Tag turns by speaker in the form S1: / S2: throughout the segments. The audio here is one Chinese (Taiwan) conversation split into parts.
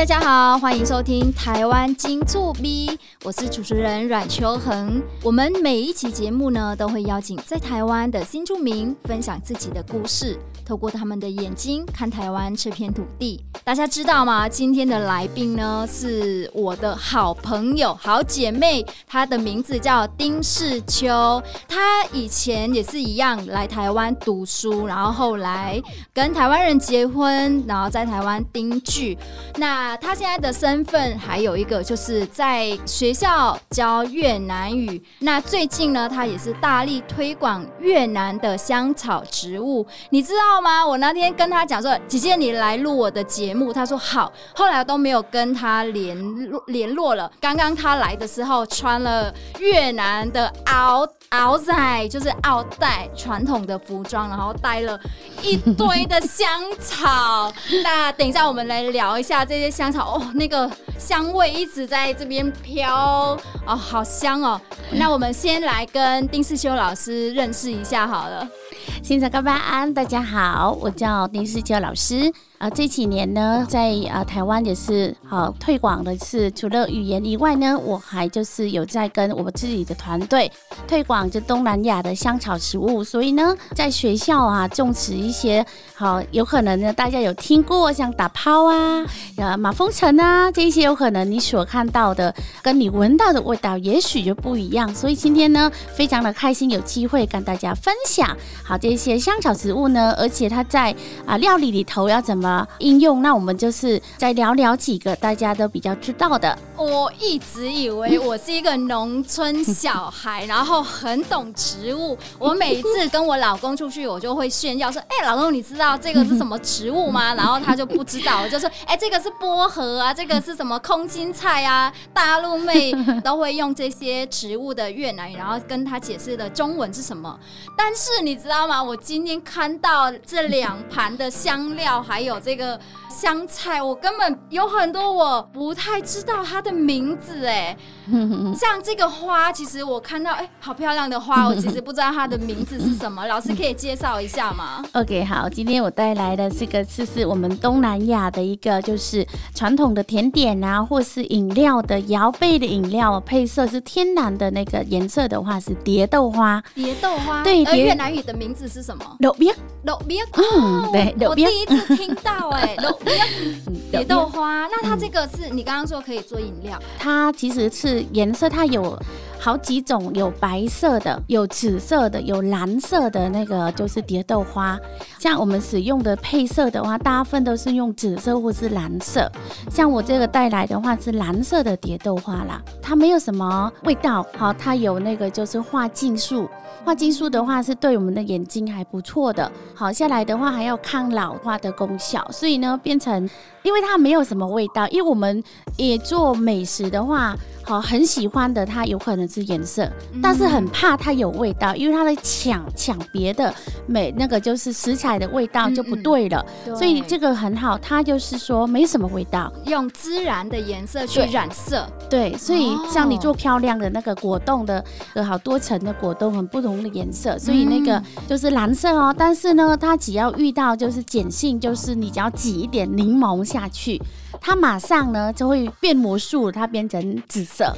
S1: 大家好，歡迎收聽《台灣新住民》，我是主持人阮秋恆。我們每一期節目呢，都會邀請在台灣的新住民分享自己的故事，透過他們的眼睛看台灣這片土地。大家知道嗎？今天的來賓呢，是我的好朋友、好姐妹，她的名字叫丁氏秋。她以前也是一樣來台灣讀書，然後後來跟台灣人結婚，然後在台灣定居。那他現在的身份還有一個就是在學校教越南語。那最近呢，他也是大力推廣越南的香草植物，你知道嗎？我那天跟他講說，姐姐，你來錄我的節目。他說好，後來都沒有跟他聯絡聯絡了。剛剛他來的時候穿了越南的奧黛。奧黛就是奧黛傳統的服裝，然後帶了一堆的香草。 那等一下我們來聊一下這些香草哦，那個香味一直在這邊飄哦，好
S2: 香哦。 那我們先來跟丁氏秋老師認識一下好了。先生，各 位，安，大家好，我叫丁氏秋老師。啊、呃，這幾年呢，在啊、呃、台灣也是啊、呃、推廣的是除了語言以外呢，我還就是有在跟我們自己的團隊推廣。着東南亞的香草植物，所以呢，在學校啊種植一些，好，有可能呢，大家有聽過像打拋啊、呃、啊、馬蜂橙啊這一些，有可能你所看到的跟你聞到的味道也許就不一樣。所以今天呢，非常的開心有機會跟大家分享，好，這些香草植物呢，而且它在啊料理裡頭要怎麼應用，那我們就是再聊聊幾個大家都比較知道的。
S1: 我一直以為我是一個農村小孩， 然後很。很懂植物，我每一次跟我老公出去，我就會炫耀說：“哎、欸，老公，你知道這個是什麼植物嗎？” 然後他就不知道，我就說：“哎、欸，這個是薄荷啊，這個是什麼空心菜啊？”大陸妹都會用這些植物的越南語，然後跟他解釋的中文是什麼。但是你知道嗎？我今天看到這兩盤的香料，還有這個。香菜，我根本有很多我不太知道它的名字哎， 像這個花，其實我看到哎、欸，好漂亮的花，我其實不知道它的名字是什麼， 老師可以介紹一下嗎
S2: ？OK，好，今天我帶來的這個是是我們東南亞的一個就是傳統的甜點啊，或是飲料的搖杯的飲料，配色是天然的那個顏色的話是蝶豆花，
S1: 蝶豆花，對，而越南語的名字是什
S2: 麼？豆別，豆別，嗯，對，豆別、哦、我第一次聽到哎豆別。 蝶豆 花，
S1: 那它這個是你剛剛說可以做飲料，嗯嗯，
S2: 它其實是顏色，它有。好幾種，有白色的，有紫色的，有藍色的，那個就是蝶豆花。像我們使用的配色的話，大部分都是用紫色或是藍色。像我這個帶來的話是藍色的蝶豆花啦，它沒有什麼味道。好、哦，它有那個就是花青素，花青素的話是對我們的眼睛還不錯的。好、哦、下來的話還有抗老化的功效，所以呢變成，因為它沒有什麼味道，因為我們也做美食的話，好、哦、很喜歡的，它有可能是顏色，但是很怕它有味道，嗯、因為它在搶搶別的，的美，那個就是食材的味道就不對了，嗯嗯對，所以這個很好，它就是說沒什麼味道，
S1: 用自然的顏色去染色。對。
S2: 對，所以像你做漂亮的那個果凍的，哦、有好多層的果凍，很不同的顏色，所以那個就是藍色哦。但是呢，它只要遇到就是鹼性，就是你只要擠一點檸檬下去，它馬上呢就會變魔術，它變成紫色啊。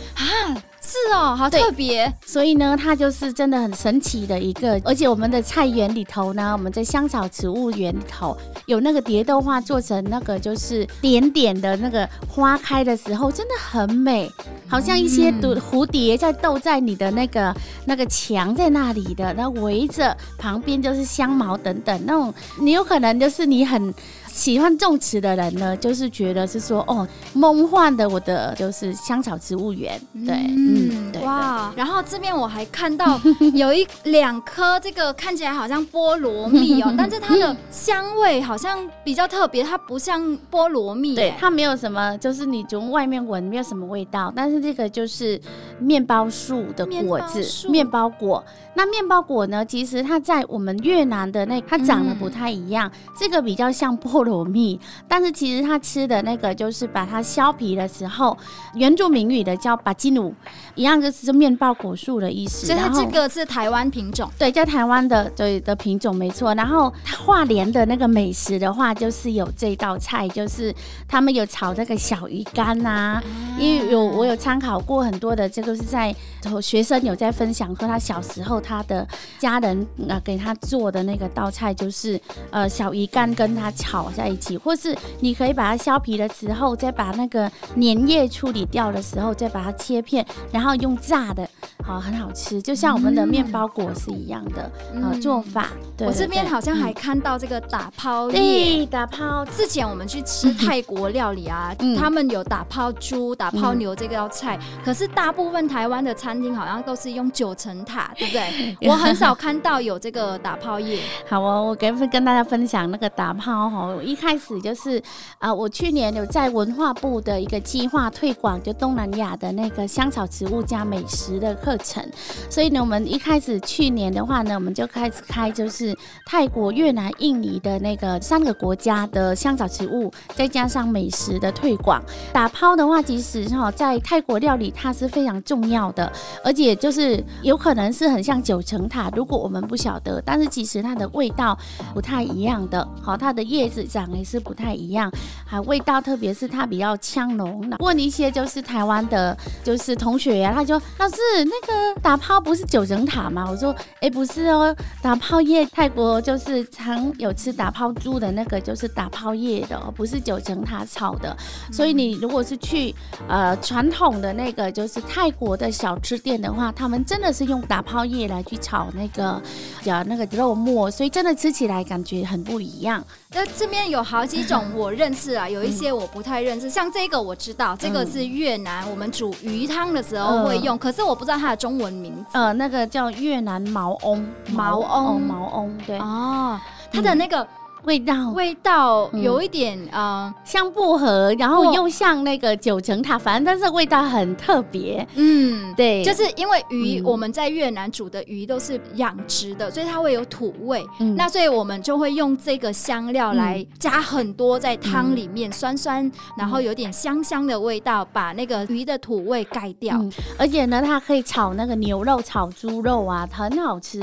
S2: 是哦，好特別。所以呢，它就是真的很神奇的一個。而且我們的菜園裡頭呢，我們在香草植物園裡頭有那個蝶豆花做成那個就是點點的那個花開的時候，真的很美，好像一些蝴蝶在逗在你的那個那個牆在那裡的，然後圍着旁邊就是香茅等等那種，你有可能就是你很。喜歡種植的人呢，就是覺得是說哦，夢幻的我的就是香草植物園，對，嗯，嗯對哇，
S1: 對對然後這邊我還看到有一 兩顆這個看起來好像菠
S2: 蘿蜜哦， 但是它的香味好像比較特別，它不像菠蘿蜜，對，它沒有什麼，就是你從外面聞沒有什麼味道，但是這個就是面包樹的果子，麵包，麵包果。那麵包果呢，其實它在我們越南的那它長得不太一樣，嗯、這個比較像菠。蘿蜜，但是其實他吃的那個就是把它削皮的時候，原住民語的叫巴吉魯，一樣就是麵包果樹的意思。就是這個是台灣品種，對，叫台灣的對的品種沒錯。然後花蓮的那個美食的話，就是有這道菜，就是他們有炒那個小魚乾吶、啊，因為有我有參考過很多的，這個是在。學生有在分享說，他小時候他的家人啊，給他做的那個道菜，就是呃小魚乾跟他炒在一起，或是你可以把它削皮的時候，再把那個粘液處理掉的時候，再把它切片，然後用炸的。好、啊，很好吃，就像我們的面包果是一樣的、嗯啊、做法。我這邊好像還
S1: 看到這個打拋葉哎、嗯，打拋。之前我們去吃泰國料理啊，嗯、他們有打拋豬、打拋牛這個道菜，嗯、可是大部分台灣的餐廳好像都是用九層塔，嗯、對不對,對？我很少看到有這個打拋葉。
S2: 好哦，我跟跟大家分享那個打拋哈。我一開始就是啊、呃，我去年有在文化部的一個計劃推廣，就東南亞的那個香草植物加美食的課。課程，所以呢，我們一開始去年的話呢，我們就開始開就是泰國、越南、印尼的那個三個國家的香草植物，再加上美食的推廣。打拋的話，其實哈，在泰國料理它是非常重要的，而且就是有可能是很像九層塔，如果我們不曉得，但是其實它的味道不太一樣的，好，它的葉子長得是不太一樣，還味道，特別是它比較嗆濃。那問一些就是台灣的，就是同學呀、啊，他就老師那。呃、打拋不是九層塔嗎？我說，哎，不是哦，打拋葉泰國就是常有吃打拋豬的那個，就是打拋葉的、哦，不是九層塔炒的。嗯、所以你如果是去呃傳統的那個就是泰國的小吃店的話，他們真的是用打拋葉來去炒那個叫那個肉末，所以真的吃起來感覺很不一樣。那這，這邊有好幾種我認識啊， 有一些我不
S1: 太認識，像這個我知道，這個是越南、嗯、我們煮魚湯的時候會用，嗯、可是我不知道它。中文名
S2: 字。呃，那個叫越南毛翁，毛翁，毛翁、哦，毛翁，對，哦，他的那個。嗯味道味道有一點嗯、呃、像薄荷，然後又像那個九層塔，反正但是味道很特別。嗯，對，就是因
S1: 為魚、嗯、我們在越南煮的魚都是養殖的，所以它會有土味。嗯、那所以我們就會用這個香料來加很多在湯裡面，嗯、酸酸，
S2: 然後有點香香的味道，把那個魚的土味蓋掉、嗯。而且呢，它可以炒那個牛肉、炒豬肉啊，很好吃。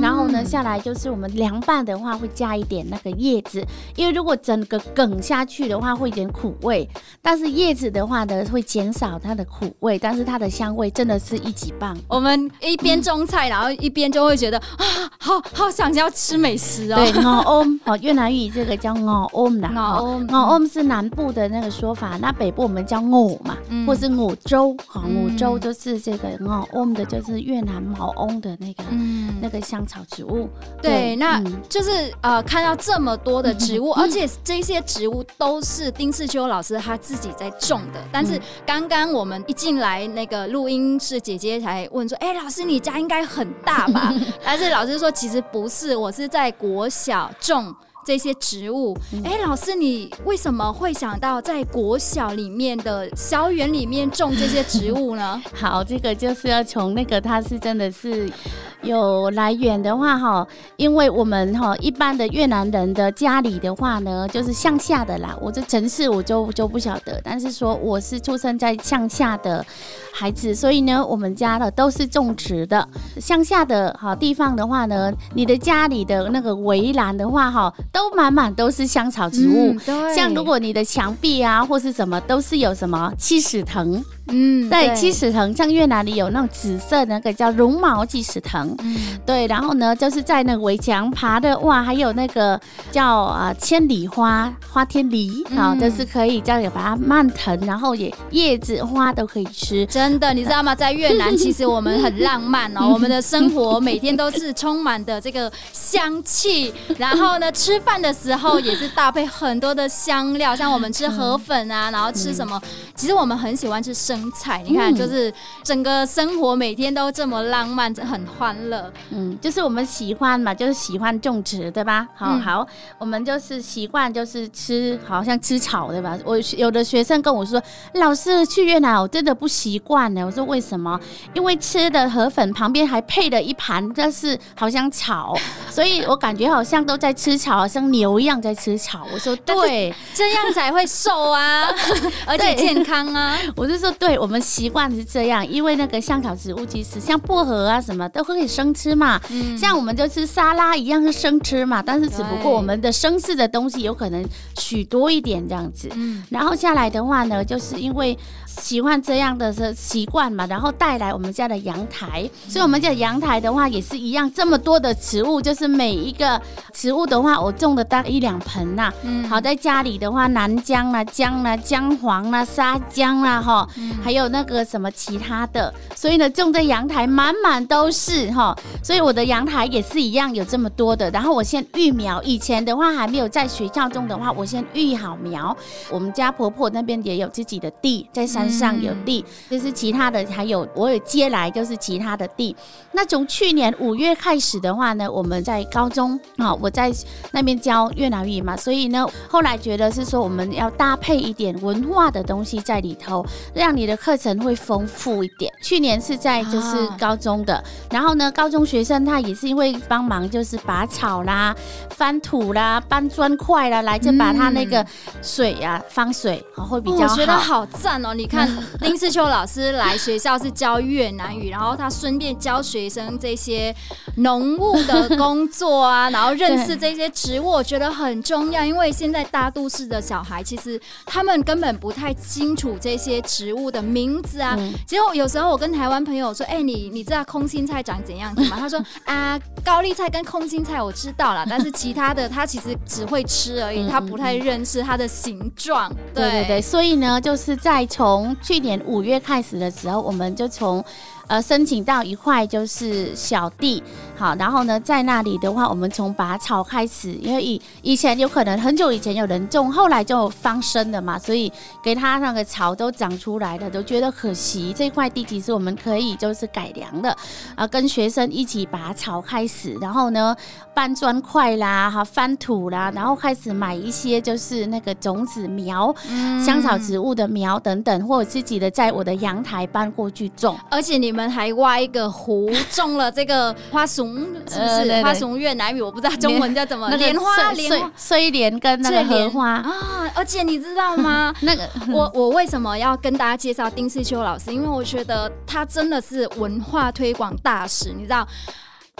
S2: 然後呢，嗯、下來就是我們涼拌的話，會加一點那個。葉子，因為如果整個梗下去的話，會有點苦味。但是葉子的話呢，會減少它的苦味，但是它的香味真的是一級棒。我們一邊種菜，嗯、然後一邊就會覺得、嗯、啊，好好想要吃美
S1: 食哦、喔。對，
S2: 毛翁哦，越南語這個叫毛翁，的毛翁，毛翁是南部的那個說法。那北部我們叫藕嘛，嗯、或是藕粥哈，藕、哦、粥就是這個毛翁、嗯、的，就是越南毛翁的那個、嗯、那個香草植物。對，對那
S1: 就是、嗯、呃，看到這麼麼多的植物，而且這些植物都是丁氏秋老師他自己在種的。但是剛剛我們一進來，那個錄音室姐姐才問說：“哎、欸，老師，你家應該很大吧？” 但是老師說：“其實不是，我是在國小種。”這些植物，哎、欸，老師，你為什麼會想到在
S2: 國小裡面的校園裡面種這些植物呢？ 好，這個就是要從那個它是真的是有來源的話哈，因為我們哈一般的越南人的家裡的話呢，就是鄉下的啦。我這城市我就就不曉得，但是說我是出生在鄉下的孩子，所以呢，我們家的都是種植的鄉下的好地方的話呢，你的家裡的那個圍欄的話哈。都滿滿都是香草植物，嗯，像如果你的牆壁啊或是什麼，都是有什麼雞屎藤。
S1: 嗯，在雞屎
S2: 藤像越南裡有那種紫色的那個叫絨毛雞屎藤，嗯、對，然後呢就是在那個圍牆爬的哇，還有那個叫啊、呃、千里花花天梨，啊、嗯，就是可以這樣也把它蔓藤，然後也葉子花都可以吃，真的，你知道嗎？在越南其實我們很浪漫哦， 我們的生活每天都是充滿的這個香氣，
S1: 然後呢吃飯的時候也是搭配很多的香料， 像我們吃河粉啊，然後吃什麼，嗯嗯、其實我們很喜歡吃生。彩你看，嗯、就是整個生活每
S2: 天都這麼浪漫，很歡樂。嗯，就是我們喜歡嘛，就是喜歡種植，對吧？好、嗯、好，我們就是習慣，就是吃好像吃草，對吧？我有的學生跟我說，老師去越南，我真的不習慣呢。我說為什麼？因為吃的河粉旁邊還配了一盤，但是好像草，所以我感覺好像都在吃草，好像牛一樣在吃草。我說對，是
S1: 這樣才會瘦啊，
S2: 而且健康啊。對，我就說。對，我們習慣是這樣，因為那個香草植物其實像薄荷啊什麼都可以生吃嘛。嗯，像我們就吃沙拉一樣是生吃嘛，但是只不過我們的生食的東西有可能許多一點這樣子。對然後下來的話呢，就是因為。喜歡這樣的習慣嘛，然後帶來我們家的陽台，所以我們家的陽台的話也是一樣，這麼多的植物，就是每一個植物的話，我種的大概一兩盆吶、啊。嗯，好，在家裡的話，南薑啊、薑啊、薑黃啊、沙薑啊、哈，嗯、還有那個什麼其他的，所以呢，種在陽台滿滿都是哈。所以我的陽台也是一樣，有這麼多的，然後我先育苗，以前的話還沒有在學校種的話，我先育好苗。我們家婆婆那邊也有自己的地，在山。上、嗯、有地，就是其他的還有我有接來，就是其他的地。那從去年五月開始的話呢，我們在高中，啊、哦，我在那邊教越南語嘛，所以呢，後來覺得是說我們要搭配一點文化的東西在裡頭，讓你的課程會豐富一點。去年是在就是高中的，啊、然後呢，高中學生他也是因為幫忙，就是拔草啦、翻土啦、搬磚塊啦，來就把他那個水呀、啊、放水啊、哦、會比較好，哦、我覺得好
S1: 讚哦，你看。看丁氏秋老師
S2: 來學校是教越南語，然
S1: 後他順便教學生這些農務的工作啊，然後認識這些植物， 對我覺得很重要，因為現在大都市的小孩其實他們根本不太清楚這些植物的名字啊。嗯、其實有時候我跟台灣朋友說：“哎、欸，你你知道空心菜長怎樣子嗎？”他說：“啊，高麗菜跟空心菜我知道了，但是其他的他其實只會吃而已，嗯、他不太認識它的形狀。對”對對對，
S2: 所以呢，就是再從從去年五月開始的時候，我們就從，呃，申請到一塊就是小地。好，然後呢，在那裡的話，我們從拔草開始，因為以以前有可能很久以前有人種，後來就放生了嘛，所以給他那個草都長出來了，都覺得可惜。這塊地其實我們可以就是改良的，啊，跟學生一起拔草開始，然後呢，搬磚塊啦，哈、啊，翻土啦，然後開始買一些就是那個種子苗，嗯、香草植物的苗等等，或者自己的在我的陽台搬過去種。而且你們還挖一個湖，種了這個花鼠。嗯，是不是、呃、對對花紅，
S1: 越南語我不知道，中文叫怎麼？聯蓮花、蓮、睡
S2: 蓮跟那個荷花
S1: 啊。而且你知道嗎？呵呵那個呵呵我我為什麼要跟大家介紹丁氏秋老師？因為我覺得他真的是文化推廣大使，你知道。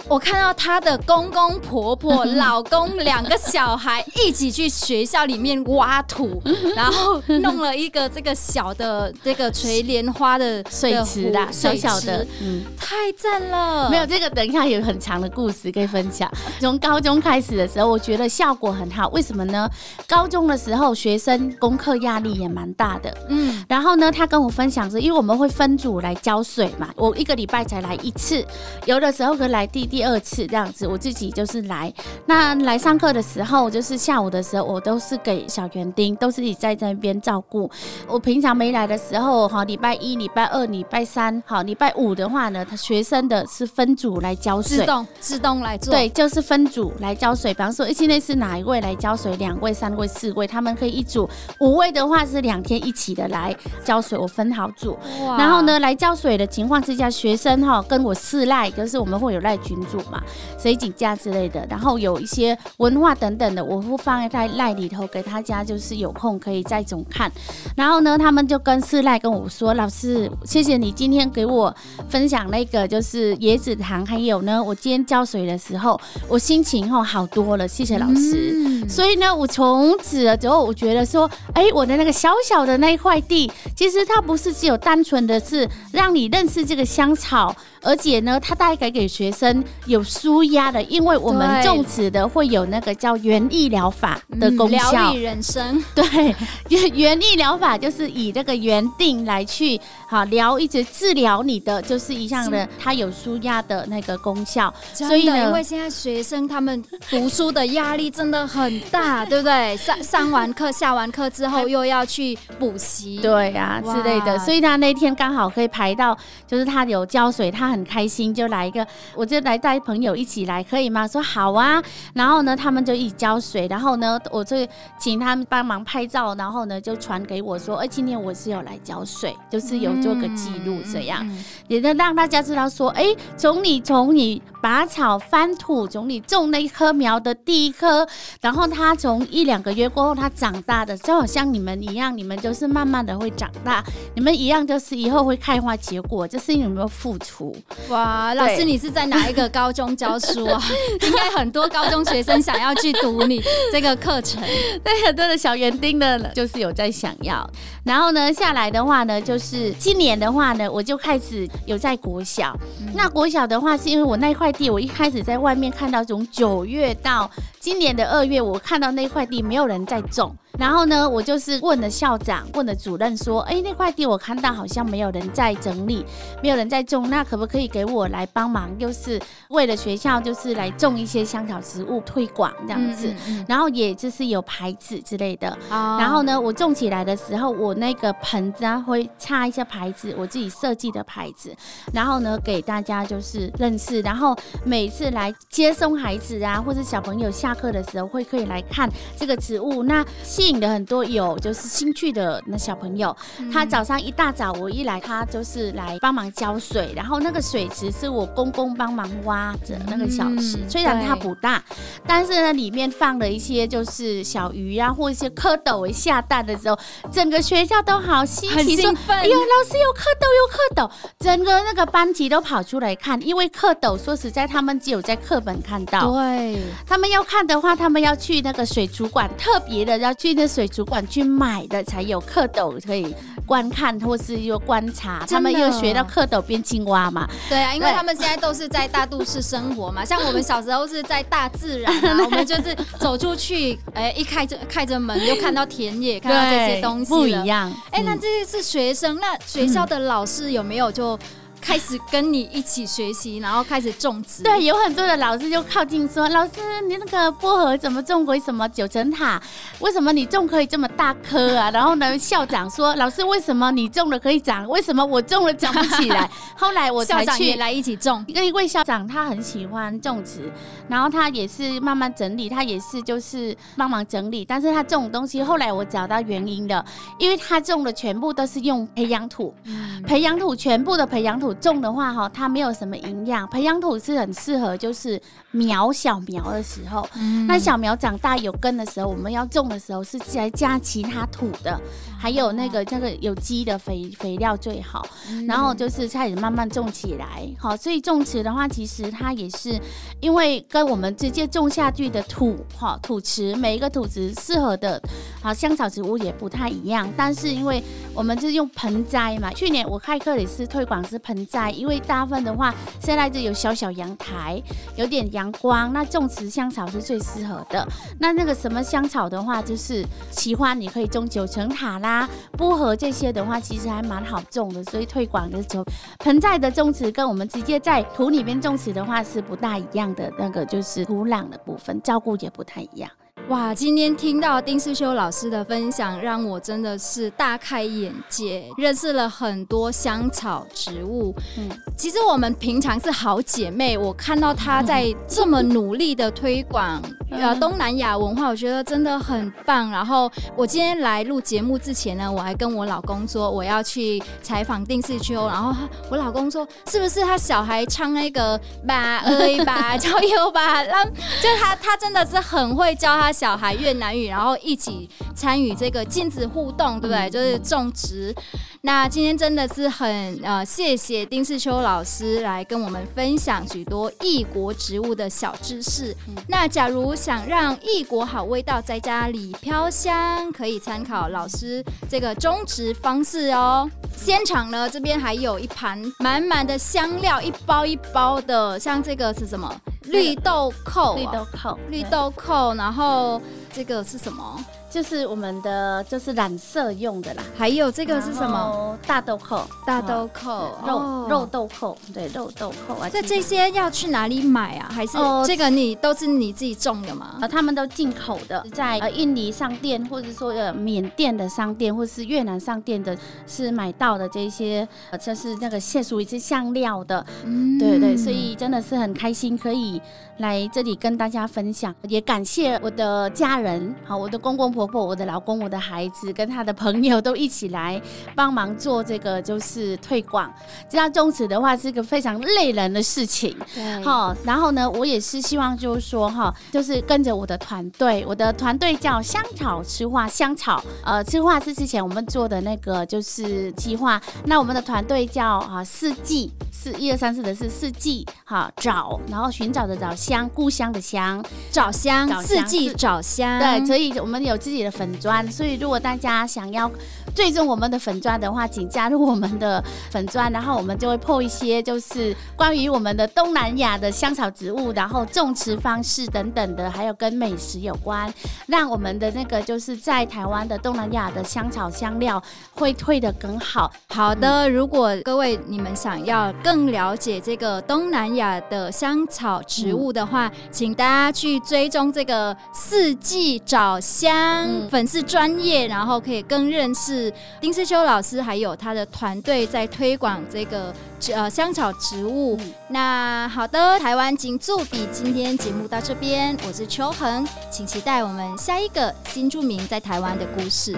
S1: 我看到她的公公婆婆、 老公兩個小孩一起去學校裡面挖土， 然後弄了一個這個小的這個垂蓮花的水池啦，小小的，嗯，
S2: 太讚了。沒有這個，等一下有很長的故事可以分享。從 高中開始的時候，我覺得效果很好，為什麼呢？高中的時候學生功課壓力也蠻大的，嗯，然後呢，他跟我分享說，因為我們會分組來澆水嘛，我一個禮拜才來一次，有的時候會來第。第二次這樣子，我自己就是來，那來上課的時候，就是下午的時候，我都是給小園丁，都是自己在那邊照顧。我平常沒來的時候，哈，禮拜一、禮拜二、禮拜三，好，禮拜五的話呢，他學生的是分組來澆水，自動自動來做，對，就是分組來澆水。比方說，一期內是哪一位來澆水，兩位、三位、四位，他們可以一組；五位的話是兩天一起的來澆水，我分好組。哇然後呢，來澆水的情況之下，學生哈、喔、跟我示賴，就是我們會有賴群。主嘛，水井架之類的，然後有一些文化等等的，我會放在賴裡頭給大家，就是有空可以再總看。然後呢，他們就跟私賴跟我說：“老師，謝謝你今天給我分享那個，就是椰子糖，還有呢，我今天澆水的時候，我心情哈好多了，謝謝老師。嗯、所以呢，我從此了之後，我覺得說，哎、欸，我的那個小小的那一塊地，其實它不是只有單純的是讓你認識這個香草。”而且呢，他大概給學生有舒壓的，因為我們種植的會有那個叫園藝療法的功效。療癒、嗯、人生。對，園園藝療法就是以這個原定，來去好療，一直治療你的，就是一樣的，它是有舒壓的那個功效。的所以呢，因為
S1: 現在學生他們讀書的壓力真的很大， 對不對？上上完課、下完課之後又要去補習，對啊之類的，哇
S2: 所以他那天剛好可以排到，就是他有澆水，他。很開心，就來一個，我就來帶朋友一起來，可以嗎？說好啊，然後呢，他們就一起澆水，然後呢，我就請他們幫忙拍照，然後呢，就傳給我說，哎，今天我是有來澆水，就是有做個記錄，這樣、嗯、也能讓大家知道說，哎，從你從你拔草翻土，從你種那一棵苗的第一顆，然後他從一兩個月過後他長大的，就好像你們一樣，你們就是慢慢的會長大，你們一樣就是以後會開花結果，這、就是你有沒有付出。
S1: 哇，老師，你是在哪一個高中教書啊？ 應該很多高中學生想要
S2: 去讀你這個課程。 對，很多的小園丁的，就是有在想要。然後呢，下來的話呢，就是今年的話呢，我就開始有在國小。嗯。那國小的話，是因為我那塊地，我一開始在外面看到，從九月到今年的二月，我看到那塊地沒有人在種。然後呢，我就是問了校長，問了主任，說，哎，那塊地我看到好像沒有人在整理，沒有人在種，那可不可以給我來幫忙？就是為了學校，就是來種一些香草植物，推廣這樣子。嗯嗯嗯。然後也就是有牌子之類的。Oh. 然後呢，我種起來的時候，我那個盆子啊會插一些牌子，我自己設計的牌子。然後呢，給大家就是認識。然後每次來接送孩子啊，或者小朋友下課的時候，會可以來看這個植物。那引了很多有就是興趣的那小朋友，嗯、他早上一大早我一來，他就是來幫忙澆水。然後那個水池是我公公幫忙挖的那個小池，嗯、雖然它不大，對但是呢裡面放了一些就是小魚呀、啊，或者一些蝌蚪。下蛋的時候，整個學校都好稀奇。說：“哎呀，老師有蝌蚪，有蝌蚪！”整個那個班級都跑出來看，因為蝌蚪說實在，他們只有在課本看到。對。他們要看的話，他們要去那個水族館，特別的要去。去的水族館去買的才有蝌蚪可以觀看，或是又觀察，的他們又學到蝌蚪變青蛙嘛？
S1: 對啊，因為他們現在都是在大都市生活嘛。 像我們小時候是在大自然、啊， 我們就是走出去，哎、欸，一開着開着門就看到田野， 看到這些東西不一樣。哎、嗯欸，那這些是學生，那學校的老師有沒有就？嗯開始跟你一
S2: 起學習，然後開始種植。對，有很多的老師就靠近說：“老師，你那個薄荷怎麼種為什麼九層塔？為什麼你種可以這麼大顆啊？”然後呢，校長說：“老師，為什麼你種了可以長？為什麼我種了長不起來？” 後來我才去，校長也來一起種。因為校長他很喜歡種植，然後他也是慢慢整理，他也是就是幫忙整理。但是他這種東西，後來我找到原因的，因為他種的全部都是用培養土，嗯、培養土全部的培養土。土種的話哈，它沒有什麼營養，培養土是很適合，就是苗小苗的時候，嗯，那小苗長大有根的時候，我們要種的時候是來加其他土的，還有那個那個有機的肥肥料最好，嗯、然後就是開始慢慢種起來，好，所以種植的話，其實它也是因為跟我們直接種下去的土哈土池，每一個土池適合的，好香草植物也不太一樣，但是因為我們就是用盆栽嘛，去年我開課也是推廣是盆栽。在，因為大部分的話，現在就有小小陽台，有點陽光，那種植香草是最適合的。那那個什麼香草的話，就是喜歡你可以種九層塔啦、薄荷這些的話，其實還蠻好種的。所以推廣的時候，盆栽的種植跟我們直接在土裡面種植的話是不大一樣的，那個就是土壤的部分，照顧也不太一樣。
S1: 哇，今天聽到丁氏秋老師的分享，讓我真的是大開眼界，認識了很多香草植物。嗯，其實我們平常是好姐妹，我看到她在這麼努力的推廣呃東南亞文化，我覺得真的很棒。啊、然後我今天來錄節目之前呢，我還跟我老公說我要去採訪丁氏秋，然後我老公說是不是他小孩唱那個吧，阿、欸、吧，交友吧，那 就他他真的是很會教他。小孩越南語，然後一起參與這個親子互動，對不對？嗯、就是種植。那今天真的是很呃，謝謝丁氏秋老師來跟我們分享許多異國植物的小知識。嗯、那假如想讓異國好味道在家裡飄香，可以參考老師這個種植方式哦。現場呢，這邊還有一盤滿滿的香料，一包一包的，像這個是什麼？綠豆蔻、啊，綠豆蔻，綠豆蔻，然後這個是什麼？就是我們的，就是染色用的啦，還有這個是什麼？大豆蔻，大豆蔻，哦哦、肉肉豆蔻，對，肉豆蔻啊。這這些要去哪裡買啊？還是這個你、哦、都是你自己種的嗎？啊、哦，他
S2: 們都進口的，在呃印尼商店，或者說緬甸的商店，或者是越南商店的，是買到的這些，這是那個蟹屬於是香料的，嗯、對，對對。所以真的是很開心，可以來這裡跟大家分享，也感謝我的家人，好，我的公公，婆婆，我的老公，我的孩子，跟他的朋友都一起來幫忙做這個，就是推廣。這樣種植的話，是一個非常累人的事情，對哈。然後呢，我也是希望，就是說，哈，就是跟着我的團隊。我的團隊叫香草吃畫，香草，呃，吃畫是之前我們做的那個就是計劃。那我們的團隊叫啊四季，四一、二、三、四的是四季，哈找，然後尋找的找香，故鄉的香，找香，四季是找香。對，所以我們有。自己的粉專，所以如果大家想要追蹤我們的粉專的話，請加入我們的粉專，然後我們就會 PO 一些就是關於我們的東南亞的香草植物，然後種植方式等等的，還有跟美食有關，讓我們的那個就是在台灣的東南亞的香草香料會推得更好。好的，嗯、如果各位你們想要更了解這
S1: 個東南亞的香草植物的話，嗯、請大家去追蹤這個四季找香、嗯、粉絲專頁，然後可以更認識。丁氏秋老師還有他的團隊在推廣這個呃香草植物。嗯、那好的，台灣請住比，今天節目到這邊，我是秋恆，請期待我們下一個新住民在台灣的故事。